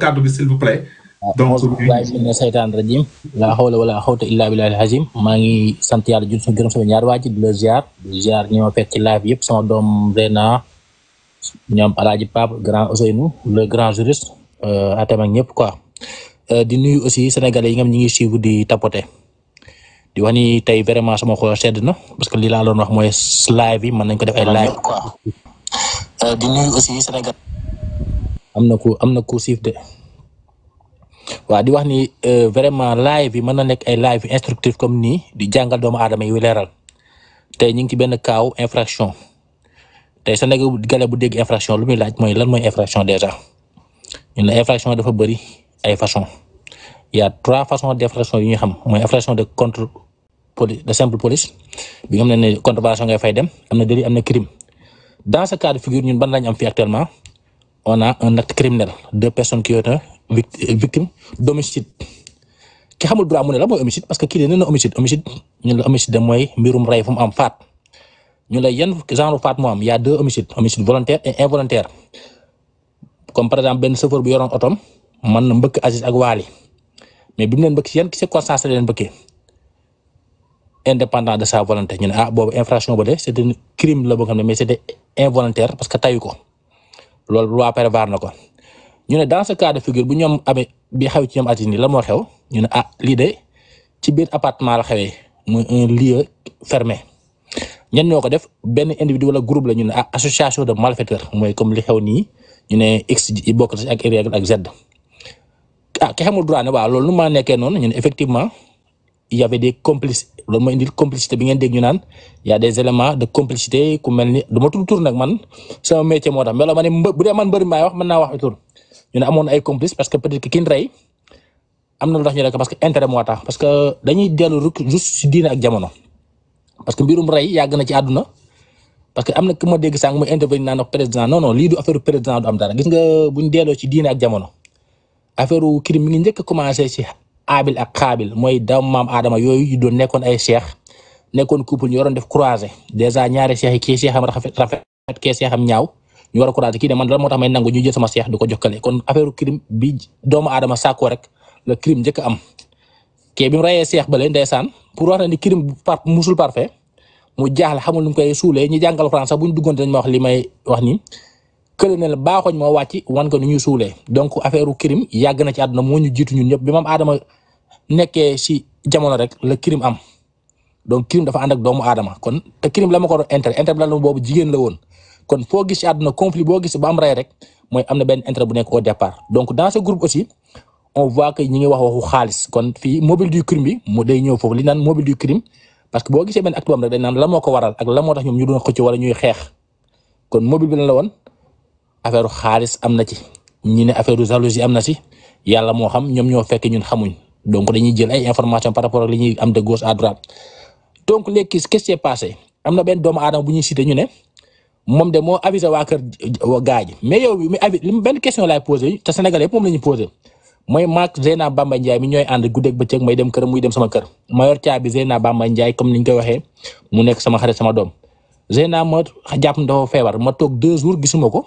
kàddu gi s'il vous plaît. Ah, donc ne saytaan rajim wala xawta illaa billahi alazim maa ngi sant yàlla jul suñu gërëm ñaar waa ji di la ñoo di ziar ñi ma fekk ci live yëpp sama doom Rena ñoom Alaaji Pape grand Ousseynou le grand juriste euh, atam ak ñëpp quoi euh, di nuyu aussi sénégalais yi nga xam ñi ngi suivre di tapoter di wax ni tey vraiment sama xol sedd na parce que li laa doon wax mooy live yi mën nañ ko def ay live quoi euh, di nuyu aussi sénégalais am na ku am na ku siif de waaw di wax ni euh, vraiment live yi mën na nekk ay live instructif comme nii di jàngal doomu aadama yu leeral tey ñu ngi ci benn kaaw infraction tey sa nekk gale bu dégg infraction lu muy laaj mooy lan mooy infraction déjà ñu ne infraction dafa bëri ay façon y a trois façons d'infraction yu ñu xam mooy infraction de contre police de simple police bi nga xam ne ne contravention ngay fay dem am na délit am na crime dans ce cas ban lañ fi actuellement on a un acte criminel deux personnes qui ont été victimes d'homicide ki xamul droit mu ne la mooy homicide parce que kii la nee na homicide homicide ñun la homicide mooy mbirum rey fu mu am faat ñu la yan genre faat moo am y a deux homicides homicide volontaire et involontaire comme par exemple benn chauffeur bu yoroon otom man na mbëkk Aziz ak Waly mais bi mu leen mbëkk si yan circonstance la leen mbëkkee indépendant de sa volonté ñu ne ah boobu infraction ba la boo xam ne parce que tayu ko. loolu loi prévoir na ko ñu ne dans ce cas de figure bu ñoom amee bi xew ci ñoom at nii la moo xew ñu ne ah lii de ci biir appartement la xewee muy un lieu fermé ñen ñoo ko def benn individu wala groupe la ñu ne ah association de malfaiteurs mooy comme li xew nii ñu ne x yi bokk na ak Y ak Z ah ki xamul droit ne waaw loolu ma nekkee noonu ñu ne effectivement. il y avait des complices loolu complicité bi ngeen dégg ñu naan y a des éléments de complicité ku mel ni du ma tudd nag man sama métier moo tax mais man ne bu dee man mbëri maay wax mën naa wax tur ñu ne amoon ay complices parce que peut-être que am na lu tax ñu rey ko parce que moo tax parce que dañuy dellu rek juste si diine ak jamono parce que yàgg na ci àdduna parce que am na ku ma dégg sànq muy intervenir naan ak président non non lii du affaire président du am dara gis nga buñ delloo ci diine ak jamono affaire crime mi ngi njëkk a commencé ci Abil a Xaabil mooy doomu maam Adama yooyu yu doon nekkoon ay seex nekkoon couple ñu waroon def croisé dèjà ñaari seex yi kii seexam rafet rafet kii seexam ñaaw ñu war a croisé kii ne man lan moo tax may nangu ñu jël sama seex di ko jokkale kon affaire crime bi doomu Adama sàkkoo rek le crime njëkk am ke bi mu rayee seex ba leen ndeysaan pour wax na ni crime par musul parfait mu jaaxle xamul nu mu koy suulee ñu jàngal français bu ñu duggoon dañ ma wax li may wax nii. kële ne la baaxooñ moo wàcc wan ko ni ñuy suulee donc affaire u crime yàgg na ci àdduna moo ñu jiitu ñun ñëpp bi maam aadama nekkee si jamono rek la crime am donc crime dafa ànd doomu aadama kon te crime la boobu jigéen la woon kon foo gis si àdduna conflit boo gis ba am rey rek mooy am na benn intérêt bu nekk au départ donc dans ce groupe aussi on voit que ñi ngi wax waxu xaalis kon fii mobile du crime bi moo day ñëw foofu li naan mobile du crime parce que boo gisee benn acte bu am rek dañ la moo ko waral ak la moo tax ñoom ñu doon xëcc wala xeex kon mobile bi lan la woon affaire xaalis am na ci ñi ne affaire am na ci yàlla moo xam ñoom ñoo fekk ñun xamuñ donc dañuy jël ay information par rapport ak ñuy am de gauche à droite donc léegi qu'est-ce qui s'est passé am na benn doomu aadama bu ñuy cité ñu ne moom de moo avisé waa kër gaa ji mais yow mi benn question laay posé te Sénégalais yëpp moom la ñuy posé mooy maak Zeyna Bamba Ndiaye mi ñooy ànd guddeeg bëccëg may dem kër muy dem sama kër ma yor caabi Zeyna Bamba Ndiaye comme niñ koy waxee mu nekk sama xarit sama ma jàpp ndaw feebar ma ko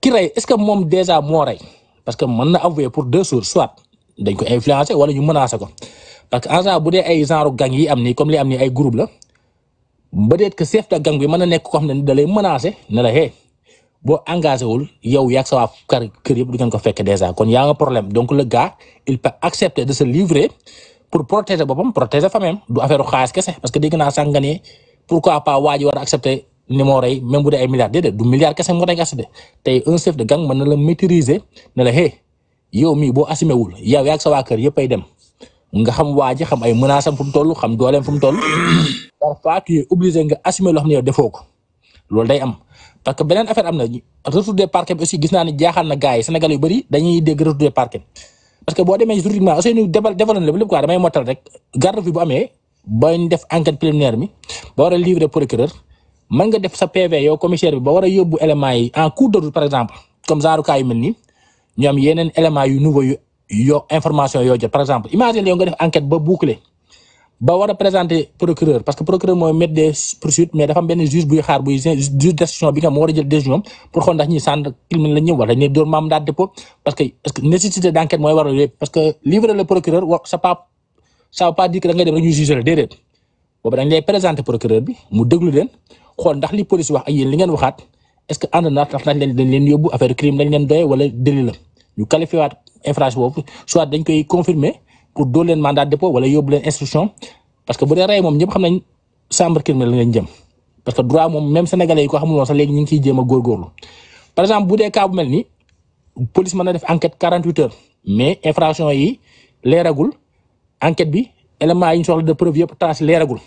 ki rey est ce que moom déjà moo rey parce que mën na avouer pour deux jours soit dañ ko influencer wala ñu menacer ko parce que en bu dee ay genre gang yi am nii comme li am nii ay groupe la peut-être que chef de gang bi mën na nekk ko xam ne da lay menacer ne la hey boo engagé wul yow yaa sa waa kër kër yëpp du ngeen ko fekk déjà kon yaa nga problème donc le gars il peut accepter de se livrer pour protéger boppam protéger famille du affaire xaalis kese ni moo rey même bu dee ay milliards déedéet du milliard kese moo rey kese de tey un chef de gang mën na la maîtriser ne la hey yow mii boo assumé wul yow yaa dem nga xam waa ji xam ay menaces am fu mu toll xam dooleem fu mu toll parfois tu es obligé nga assumer xam ne yow defoo ko day am. parce que beneen affaire am na retour des parquets bi aussi gis naa ne jaaxal na gars Sénégal yu bëri dañuy dégg retour des parquets parce que boo demee juridiquement mën nga def sa PV yow commissaire bi ba war a yóbbu éléments yi en cours de route par exemple comme genre cas mel nii ñu am yeneen yu nouveau yo information yoo jot par exemple imagine yow nga def enquête ba boucler ba war a présenter procureur parce que procureur mooy mettre des poursuites mais dafa am benn buy xaar buy juge d'instruction bi nga moo war a jël décision pour xool ñi centre criminel la wala ñuy door mandat parce que bi mu déglu leen xool ndax li police wax ak yéen li ngeen waxaat est-ce que ànd na tax nañ leen dañ leen yóbbu affaire crime lañ leen doye wala délit la ñu qualifié waat infraction boobu soit dañ koy confirmer pour dóor leen mandat de dépôt wala yóbbu leen instruction parce que bu dee rey moom ñëpp xam nañ chambre criminelle lañ jëm parce que droit moom même sénégalais yi ko xamul sax léegi ñu ngi ciy jéem a góorgóorlu par exemple bu dee cas bu mel ni police mën na def enquête 48 heures mais infraction yi leeragul enquête bi éléments yi ñu soxla de preuve yëpp tas leeragul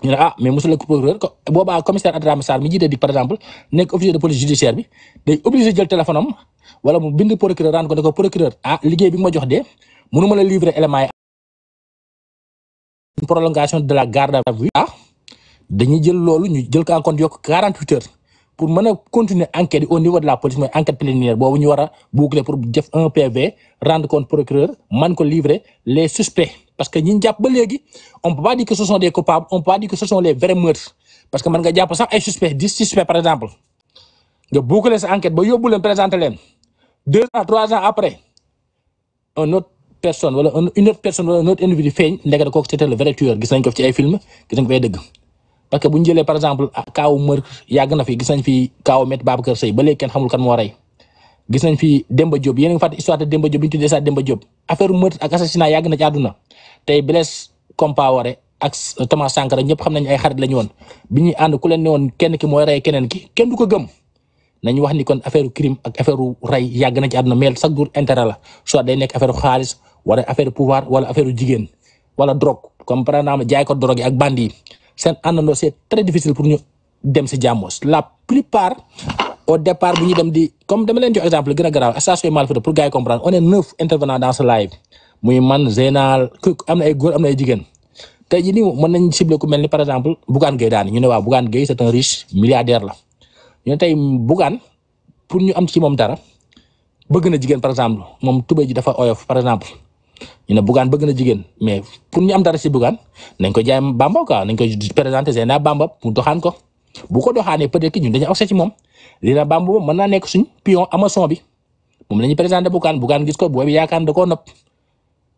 ñu ne ah mais monsieur le procureur boobaa commissaire Adrame Sarr mi jiite di par exemple nekk officier de police judiciaire bi day obligé jël ko ne ko procureur ah, liggéey bi ma jox de mënu ma la livrer éléments yi. de la garde à ah dañuy jël loolu ñu jël ko en compte yokk 48 heures pour mën a continuer enquête yi au niveau de la police mooy enquête plénière boobu ñu war a boucler pour def un PV rendre compte procureur man ko livrer les suspects. parce que ñi ñu jàpp ba léegi on peut pas dire que ce sont des coupables on peut pas dire parce que mën nga jàpp sax ay suspects dix suspects par exemple nga boucler sa enquête ba yóbbu leen présenter leen deux ans trois ans après un autre personne wala un autre individu feeñ ndekete kooku c'était le vrai tueur gis nañ ko ci ay film gis nañ ko fay dëgg parce que bu ñu jëlee par exemple ah, kaawu meurtre yàgg na fi gis nañ fi kaawu met Babacar Seye ba léegi kenn xamul kan gis nañ fi Demba Diop yéen a histoire Demba Diop bi ñu tuddee Demba Diop affaire meurtre ak assassinat yàgg na ci tey Blaise Compaoré Sankara ñëpp xam nañ ay xarit la ñu woon bi ñuy ànd ku leen ne woon kenn ki mooy rey keneen ki kenn du ko gëm nañu wax ni kon affaire crime ak affaire rey yàgg na ci àdduna mais chaque jour intérêt la soit day nekk affaire xaalis wala affaire pouvoir wala affaire jigéen wala drogue comme par exemple jaay ko drogue yi ak bandi yi seen àndandoo c'est très difficile pour ñu dem la comme dama leen jox exemple gën a garaaw station yi malfaiteur pour gars yi comprendre on est neuf dans live muy man Zeynaal am ay am na ay jigéen tey jii nii mën nañ ciblé ku mel ni par exemple Bougane Gueye daani ñu ne waaw Bougane Gueye c'est un riche milliardaire la ñu ne tey Bougane pour ñu am si moom dara bëgg na jigéen par exemple moom tubéy ji dafa oyof par exemple ñu ne Bougane bëgg na jigéen mais pour ñu am dara si Bougane nañ ko jaay Bamba quoi nañ ko présenté Zeyna Bamba mu doxaan ko bu ko doxaanee peut-être ñun dañu accès moom Lirou Bamba boobu mën naa nekk suñ pion amason bi moom la ñuy présenté Bougane Bougane gis ko booy bi yaakaar da koo nopp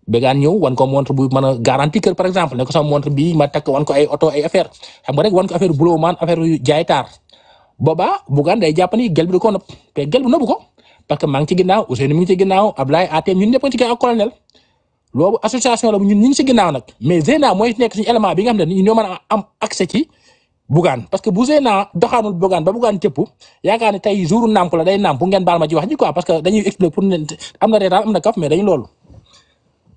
Bougane ñëw wan ko montre bu mën a garanti kër par exemple ne ko sama montre bii ma takk wan ko ay oto ay affaire wan ko affaire buloo maan affaire yu jaay taar boobaa Bougane day jàpp ni gel bi da koo nopp te gel association la bu ñun ñu ngi ci ginnaaw nag mais Zeyna mooy nekk suñu élément bi nga xam ne ñun ñoo mën a bugaan parce que bu Zeyna doxaanul bugaan ba bugaan cëpp yaakaar ne jour nàmp la day nàmp ngeen baal ma ci wax ji que dañuy expliquer pour ne am na reetaan am na kaf mais dañu loolu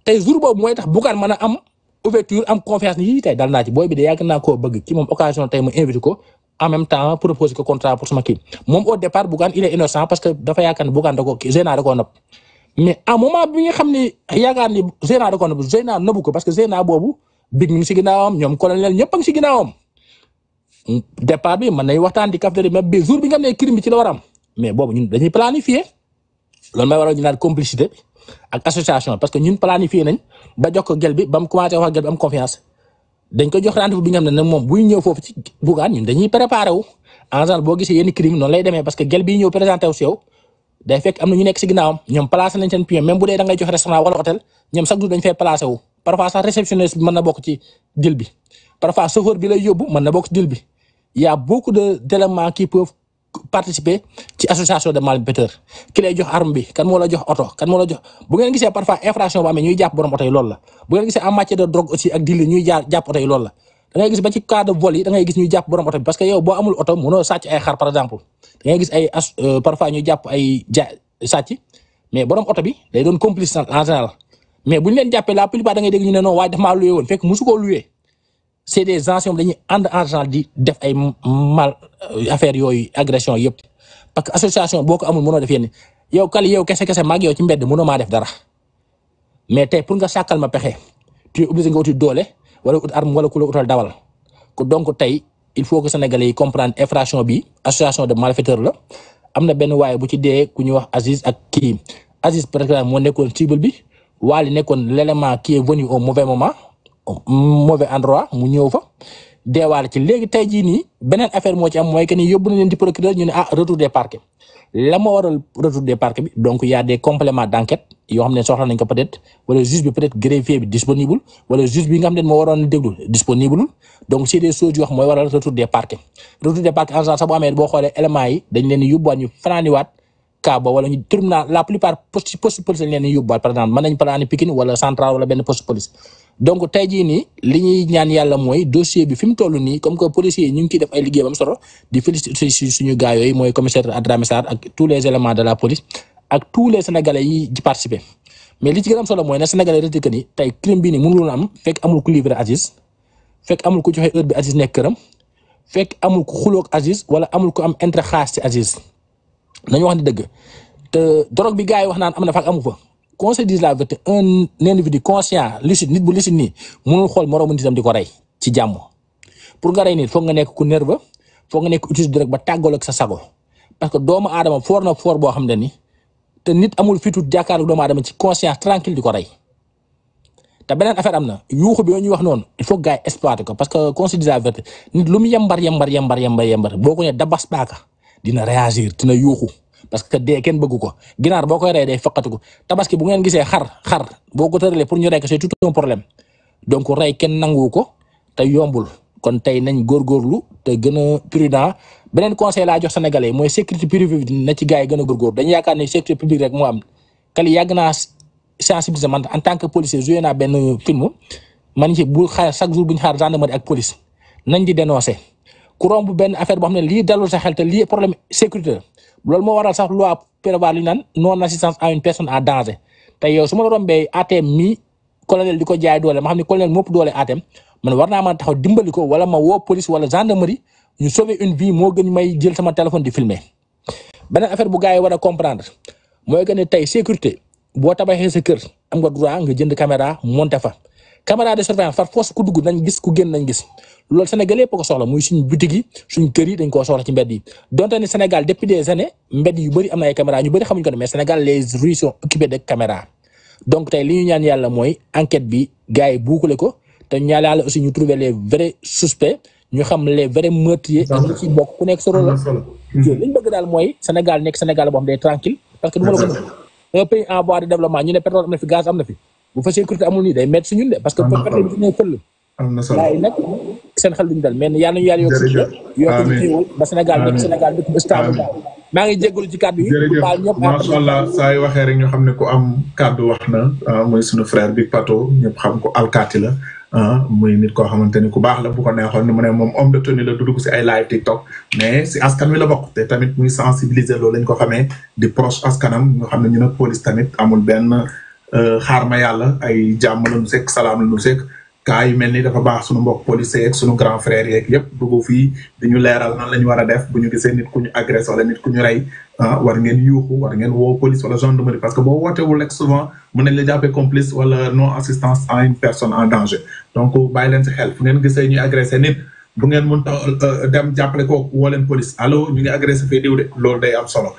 tey jour boobu mooy tax bugaan mën a am ouverture am confiance ni tey dal naa ci booy bi de yàgg bëgg ki moom occasion tey mu invité ko en même temps proposer ko contrat pour sama moom au départ bugaan il est innocent parce que dafa yaakaar ne bugaan da ko ko parce départ bi mën nañ waxtaan di capter mais bi jour bi nga xam ne crime bi ci la war mais boobu ñun dañuy planifier loolu may waral ñu naan complicité ak association parce que ñun planifier nañ ba jox ko gel bi ba mu commencé wax gel bi am confiance dañ ko jox rendez-vous bi nga xam ne nag moom buy ñëw foofu ci bugaan ñun dañuy préparer wu en général que gel bi ñëw na ñu nekk si ginnaawam ñoom placé nañ seen pion même bu dee da ngay jox restaurant wala hôtel ñoom chaque jour dañ fay placé wu parfois sax réceptionniste bi mën na bokk ci deal bi parfois bi yaa y a beaucoup de d'éléments qui peuvent participer ci association de malfaiteurs ki lay jox arme bi kan moo la jox oto kan moo la jox bu ngeen gisee parfois infraction bu amee ñuy jàpp borom oto yi loolu la bu jàpp oto yi oto bi parce que yow boo amul oto mënoo sàcc ay xar par exemple da ngay gis ay euh, parfois ñuy jàpp ay ja mais borom oto bi day doon complice en général mais bu ñu leen jàppee la plupart da ngay dégg ñu ne non waaye daf maa loué woon fekk musu koo c'est des anciens dañuy ànd argent di def ay mal euh, affaire yooyu agression yëpp parce que association boo ko amul mënoo def yenn yow kali yow kese kese maag yow ci mbedd mënoo maa def dara mais tey pour nga sàkkal ma pexe tu es nga uti doole wala ut wala ku la utal dawal donc tey il faut que sénégalais yi comprendre infraction bi association de malfaiteurs la am na benn waaye bu ci dee ku ñuy wax Aziz ak kii Aziz par exemple moo nekkoon cible bi Wally nekkoon l'élément qui est venu au mauvais moment. mauvais endroit mu ñëw fa deewaale ci léegi tey jii nii beneen affaire moo ci am mooy que ni yóbbu na leen di procureur ñu ne ah retour des parquets la moo waral retour des parquets bi donc y a des compléments d'enquête yoo xam ne soxla nañ ko peut wala juge bi peut-être bi disponible wala juge bi nga xam ne moo waroon déglu disponible donc c'est des choses mooy waral retour des parquets retour des parquets en général sax amee boo xoolee éléments yi dañ leen di donc tey jii nii li ñuy ñaan yàlla mooy dossier bi fi mu toll nii comme que policiers yi ñu ngi ciy def ay liggéey bam solo di féliciter suñu gars yooyu mooy commissaire Adramé Sarr ak tous les éléments de la police ak tous les sénégalais yi ci participer mais li ci gën solo mooy na sénégalais rëdd que ni tey crime bi nii mënul am fekk amul ku livrer Aziz fekk amul ku joxe heure bi Aziz nekk këram fekk amul ku xulook Aziz wala amul ku am intérêt xaas ci Aziz wax ni dëgg te drogue bi gars yi wax naan am na fa ak amu qu'on se la vérité un di conscient lucide nit bu lucide nii mënul xool moroomu nitam di ko rey ci jàmm pour nga rey nit foog nga nekk ku nerveux foog nga nekk utis di ba tàggal ak sa sago parce que doomu aadama foor na foor boo xam ne ni te nit amul fitu jàkkaarloog doomu aadama ci conscience tranquille di ko rey te beneen affaire am na yuuxu bi ñuy wax noonu il faut gars ko parce que qu'on nit lu mu yembar yembar yembar yembar yembar boo ko nee dabas paaka dina réagir dina yuuxu. parce que dee kenn bëggu ko ginaar boo koy rey day faqatu ko tabaski bu ngeen gisee xar xar boo ko tëralee pour ñu rey ko c'est tout un problème donc rey kenn nangu ko te yombul kon tey nañ góorgóorlu te gën a prudent beneen conseil laa jox sénégalais mooy sécurité privée bi na ci gars yi gën a góorgóorlu dañu yaakaar ne sécurité publique rek moo am kali yàgg naa sensibiliser man en tant que policier joué naa benn film man ci bu xaar chaque jour bu ñu xaar gendarmerie ak police nañ di dénoncer ku romb benn affaire boo xam ne lii dalul sa xel loolu moo waral sax loo prévoir li naan non assistance à une personne en danger te yow su ma la rombee ATM mi colonel di ko jaay doole ma xam ne colonel mopp doole ATM man war naa mën a taxaw dimbali ko wala ma woo police wala gendarmerie ñu sauver une vie moo gën may jël sama téléphone di filmer beneen affaire bu gars yi war a comprendre mooy que ne tey sécurité boo tabaxee sa kër am nga droit nga jënd caméra monte fa caméra de surveillance par force ku dugg nañ gis ku génn nañ gis loolu Sénégal yëpp ko soxla muy suñ boutique yi suñ kër yi dañ koo soxla ci mbedd yi donte ni Sénégal depuis des années mbedd yu bëri am na ay caméra ñu bëri xamuñ ko mais Sénégal les rues sont de caméra donc tey li ñu ñaan yàlla mooy enquête bi gars yi buukule ko te ñaan yàlla aussi ñu trouver les vrais ñu xam les vrais meurtriers ñu ci bokk ku nekk sa rôle li ñu bëgg daal mooy Sénégal nekk Sénégal boo xam day tranquille parce que du ma la ko nii am na solo nag seen xel duñ dal mais yal nañu yàlla yokk sutura yokk xéewal ba Sénégal nekk Sénégal dëkk bu stable daal maa ngi jégalu ci kàddu yi baal ñëpp macha allah saa yu waxee rek ñu xam ne ku am kàddu wax na ah, mooy suñu frère bi Pato ñëpp xam ko alkaati la ah, muy nit koo xamante ni ku baax la bu ko neexoon ni mu ne moom homme de tenue la du dugg si ay live TikTok mais si askan wi la bokk te tamit muy sensibiliser loolu lañ ko xamee di proche askanam ñu xam ne ñu ne police tamit amul benn euh, xaar ma yàlla ay jàmm la nu sekk salaam la nu cas yu mel ni dafa baax suñu mbokk policier ak suñu grand frère yeeg yëpp dugg leeral nan la ñu war a def bu ñu gisee nit ku ñu agressé wala nit ku rey ah, war ngeen yuuxu war ngeen woo police wala gendarmerie parce que boo wootewul rek souvent mën nañ la jàppee complice wala non assistance à une personne en danger donc bàyyi leen si xel fu ngeen gisee ñuy agressé nit bu ngeen mën ta euh, dem jàppale kooku woo leen police alo ñu ngi agressé fii diw de loolu day am solo